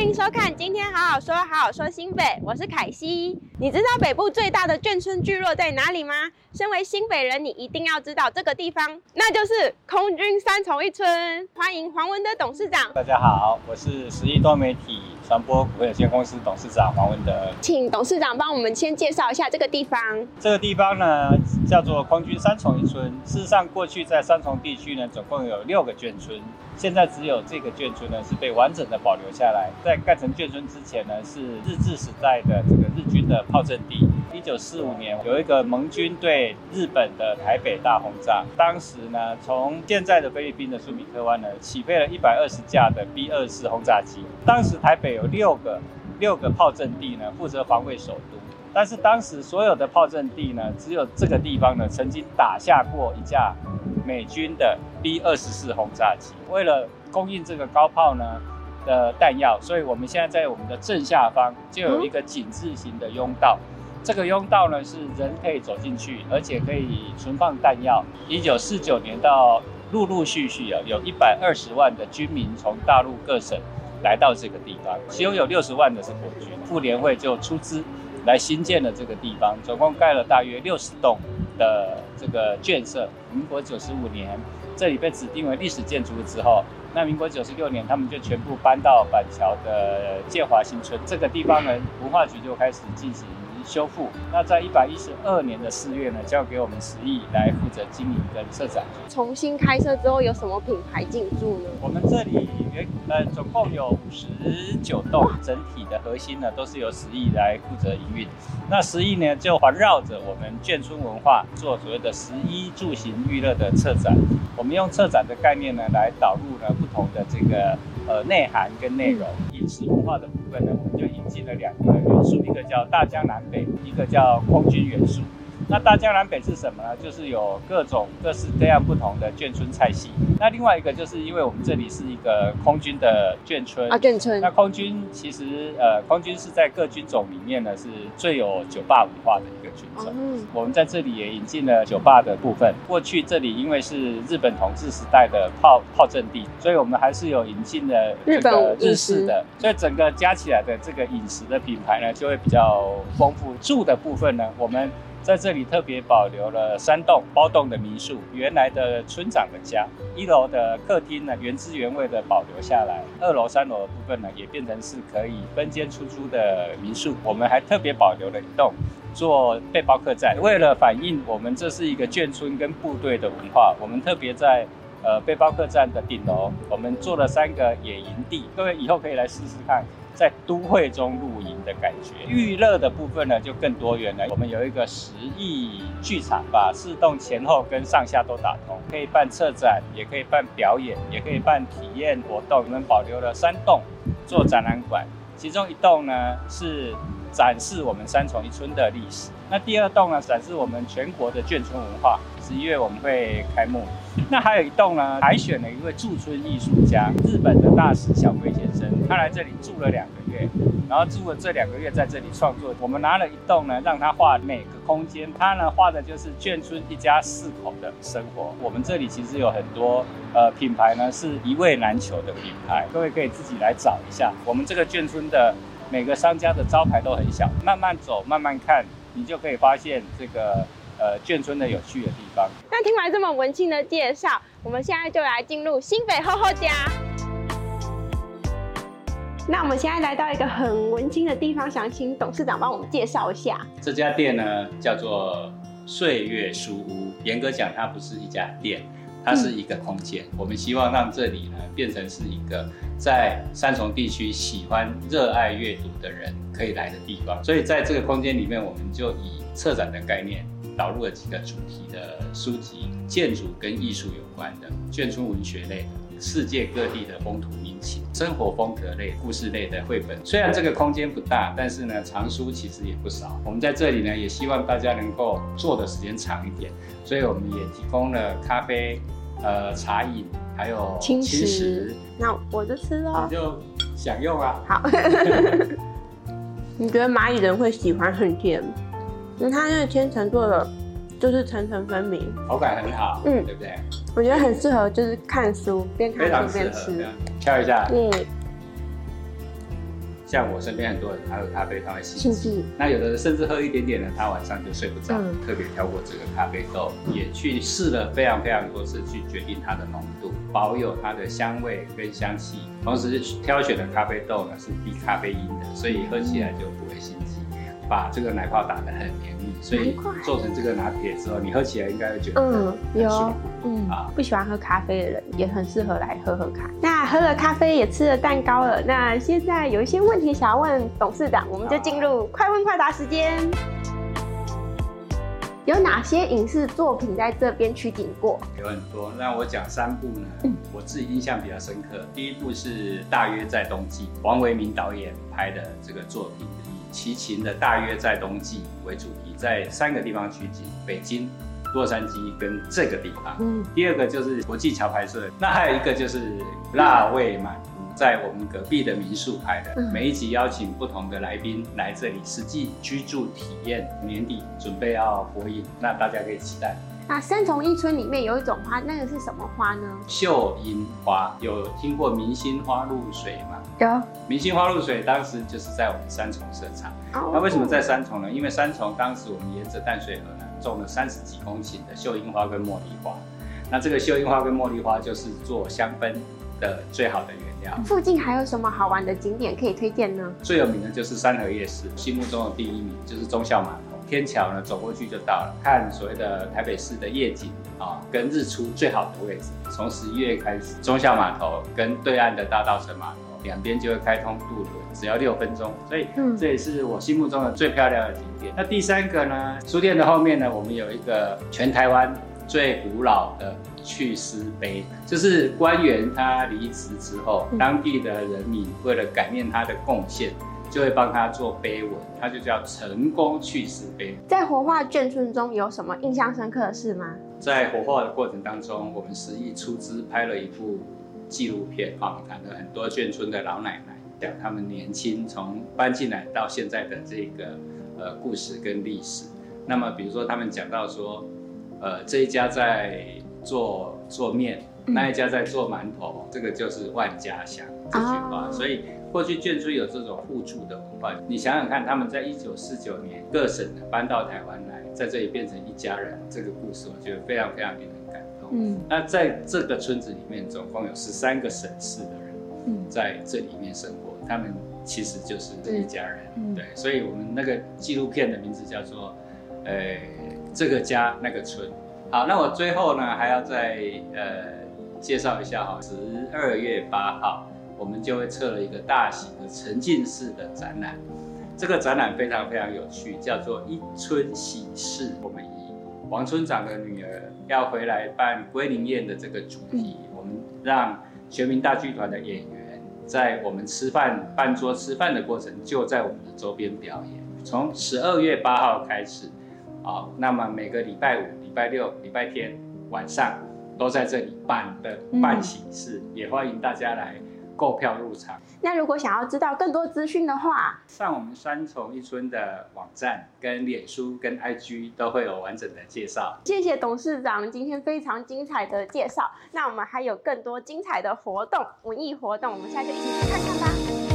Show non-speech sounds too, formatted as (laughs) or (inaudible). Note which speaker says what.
Speaker 1: 歡迎收看，今天好好說，好好說新北，我是凱西。你知道北部最大的眷村聚落在哪裡嗎？身為新北人，你一定要知道這個地方，那就是空軍三重一村。歡迎黃文德董事長，大
Speaker 2: 家好，我是時藝多媒體傳播股份有限公司董事長黃文德，
Speaker 1: 請董事長幫我們先介紹一下這個地方。
Speaker 2: 這個地方呢，叫做空軍三重一村。事實上，過去在三重地區呢，總共有六個眷村，現在只有這個眷村呢是被完整的保留下來。在蓋成眷村之前呢，是日治時代的這個日軍的炮陣地。一九四五年有一個盟軍對日本的台北大轟炸，當時呢從現在的菲律賓的蘇比克灣呢，起飛了一百二十架的 B 二四轟炸機。當時台北有六個六個炮陣地呢，負責防衛首都。但是當時所有的炮陣地呢，只有這個地方呢，曾經打下過一架美軍的 B 二十四轟炸機。為了供應這個高炮呢的彈藥，所以我們現在在我們的正下方就有一個井字形的甬道。這個甬道呢是人可以走進去，而且可以存放彈藥。一九四九年到陸陸續續啊，有一百二十萬的軍民從大陸各省來到這個地方，其中有六十萬的是國軍。婦聯會就出資來新建了這個地方，總共蓋了大約六十棟的這個建設。民國九十五年這裡被指定為歷史建築之後，那民國九十六年他們就全部搬到板橋的建華新村。這個地方呢，文化局就開始進行。修復，那在一百一十二年的四月呢，交給我們時藝來負責經營跟策展。
Speaker 1: 重新開設之後有什麼品牌進駐呢？我們這裡
Speaker 2: 原呃總共有五十九棟，整體的核心呢都是由時藝來負責營運。那時藝呢就環繞着我們眷村文化做所謂的食衣住行娛樂的策展。我們用策展的概念呢來導入呢不同的這個呃內涵跟內容，飲食文化的部分呢。就引進了兩個元素，一個叫大江南北，一個叫空軍元素。那大江南北是什麼呢？就是有各種各式各樣不同的眷村菜系。那另外一個就是因為我們這裡是一個空軍的眷村，啊，眷村。那空軍其實呃，空軍是在各軍種裡面呢是最有酒吧文化的一個軍種。嗯、哦。我們在這裡也引進了酒吧的部分。過去這裡因為是日本統治時代的炮炮陣地，所以我們還是有引進了日本日式的。所以整個加起來的這個飲食的品牌呢，就會比較豐富。住的部分呢，我們。在這裡特別保留了三棟包棟的民宿，原來的村長的家，一樓的客廳呢原汁原味的保留下來，二樓、三樓的部分呢也變成是可以分間出租的民宿。我們還特別保留了一棟做背包客棧，為了反映我們這是一個眷村跟部隊的文化，我們特別在。呃，背包客棧的頂樓，我們做了三個野營地，各位以後可以來試試看，在都會中露營的感覺。娛樂的部分呢，就更多元了。我們有一個十億劇場，把四棟前後跟上下都打通，可以辦策展，也可以辦表演，也可以辦體驗活動。我們保留了三棟做展覽館，其中一棟呢是。展示我們三重一村的歷史。那第二棟呢，展示我們全國的眷村文化。十一月我們會開幕。那還有一棟呢，還選了一位駐村藝術家，日本的大使小龜先生，他來這裡住了兩個月，然後住了這兩個月在這裡創作。我們拿了一棟呢，讓他畫每個空間。他呢畫的就是眷村一家四口的生活。我們這裡其實有很多呃品牌呢，是一位難求的品牌，各位可以自己來找一下。我們這個眷村的。每個商家的招牌都很小，慢慢走，慢慢看，你就可以發現這個呃眷村的有趣的地方。
Speaker 1: 那聽完這麼文青的介紹，我們現在就來進入新北厚厚呷。嗯、那我們現在來到一個很文青的地方，想請董事長幫我們介紹一下
Speaker 2: 這家店呢，叫做歲月書屋。嚴格講，它不是一家店。它是一個空間，嗯、我們希望讓這裡呢變成是一個在三重地區喜歡、熱愛閱讀的人可以來的地方。所以在這個空間裡面，我們就以策展的概念。導入了幾個主題的書籍，建築跟藝術有關的、眷村文學類的、世界各地的風土民情、生活風格類、故事類的繪本。雖然這個空間不大，但是呢，藏書其實也不少。我們在這裡呢，也希望大家能夠坐的時間長一點，所以我們也提供了咖啡、呃茶飲，還有輕食。
Speaker 1: 那我就吃嘍。
Speaker 2: 好你就享用啊。好，
Speaker 1: (laughs) (laughs) 你覺得螞蟻人會喜歡很甜？因為它那個千層做的就是層層分明，
Speaker 2: 口感很好，嗯，對
Speaker 1: 不對？我覺得很適合，就是看書、嗯、邊看書邊吃，邊吃，
Speaker 2: 挑一下。對、嗯。像我身邊很多人，還有咖啡，他會吸氣。嗯、那有的人甚至喝一點點呢，他晚上就睡不着。嗯、特別挑過這個咖啡豆，也去試了非常非常多次去決定它的濃度，保有它的香味跟香氣，同時挑選的咖啡豆呢是低咖啡因的，所以喝起來就、嗯。就把這個奶泡打得很綿密，所以做成這個拿鐵之後，你喝起來應該會覺
Speaker 1: 得嗯，有嗯啊，不喜歡喝咖啡的人也很適合來喝喝看。嗯、那喝了咖啡也吃了蛋糕了，嗯、那現在有一些問題想要問董事長，嗯、我們就進入快問快答時間。嗯、有哪些影視作品在這邊取景過？
Speaker 2: 有很多，那我講三部呢，嗯、我自己印象比較深刻。第一部是大約在冬季，王維明導演拍的這個作品。齊秦的，大約在冬季為主題，在三個地方取景：北京、洛杉磯跟這個地方。嗯。第二個就是國際橋牌社，那還有一個就是辣味滿屋，嗯、在我們隔壁的民宿拍的。嗯、每一集邀請不同的來賓來這裡實際居住體驗，年底準備要播映，那大家可以期待。
Speaker 1: 那三重一村裡面有一種花，那個是什麼花呢？
Speaker 2: 秀英花，有聽過明星花露水嗎？Yeah. 明星花露水當時就是在我們三重設廠，
Speaker 1: 那、oh, 為什麼在
Speaker 2: 三重呢？因為三重當時我們沿着淡水河呢，種了三十幾公頃的繡櫻花跟茉莉花，那這個繡櫻花跟茉莉花就是做香氛的最好的原
Speaker 1: 料。附近還有什麼好玩的景點可以推薦呢？最有
Speaker 2: 名的就是三和夜市，心目中的第一名就是忠孝碼頭天橋呢，走過去就到了，看所謂的台北市的夜景。啊、哦，跟日出最好的位置，從十一月開始，中校碼頭跟對岸的大稻埕碼頭兩邊就會開通渡輪，只要六分鐘，所以、嗯、這也是我心目中的最漂亮的景點。那第三個呢，書店的後面呢，我們有一個全台灣最古老的去思碑，就是官員他離職之後，當地的人民為了感念他的貢獻，就會幫他做碑文，它就叫成功去思碑。
Speaker 1: 在活化眷村中，有什麼印象深刻的事嗎？
Speaker 2: 在活化的過程當中，我們時藝出資拍了一部紀錄片，訪談了很多眷村的老奶奶，講他們年輕從搬進來到現在的這個呃故事跟歷史。那麼，比如說他們講到說，呃，這一家在做做面，那一家在做饅頭，這個就是萬家香這句話，所以。過去眷村有這種互助的文化，你想想看，他們在一九四九年各省的搬到台灣來，在這裡變成一家人，這個故事我覺得非常非常令人感動。嗯，那在這個村子裡面，總共有十三個省市的人，在這裡面生活，他們其實就是這一家人。嗯、對，所以我們那個紀錄片的名字叫做《呃，這個家那個村》。好，那我最後呢還要再呃介紹一下哈，十二月八號。我們就會策了一個大型的沉浸式的展覽，這個展覽非常非常有趣，叫做“一村喜事”。我們以王村長的女兒要回來辦歸寧宴的這個主題，嗯、我們讓全民大劇團的演員在我們吃飯、辦桌吃飯的過程，就在我們的周邊表演。從十二月八號開始，啊、哦，那麼每個禮拜五、禮拜六、禮拜天晚上都在這裡辦的辦喜事，嗯、也歡迎大家來。購票入場。
Speaker 1: 那如果想要知道更多資訊的話，
Speaker 2: 上我們三重一村的網站、跟臉書、跟 IG 都會有完整的介紹。
Speaker 1: 謝謝董事長今天非常精彩的介紹。那我們還有更多精彩的活動、文藝活動，我們現在就一起去看看吧。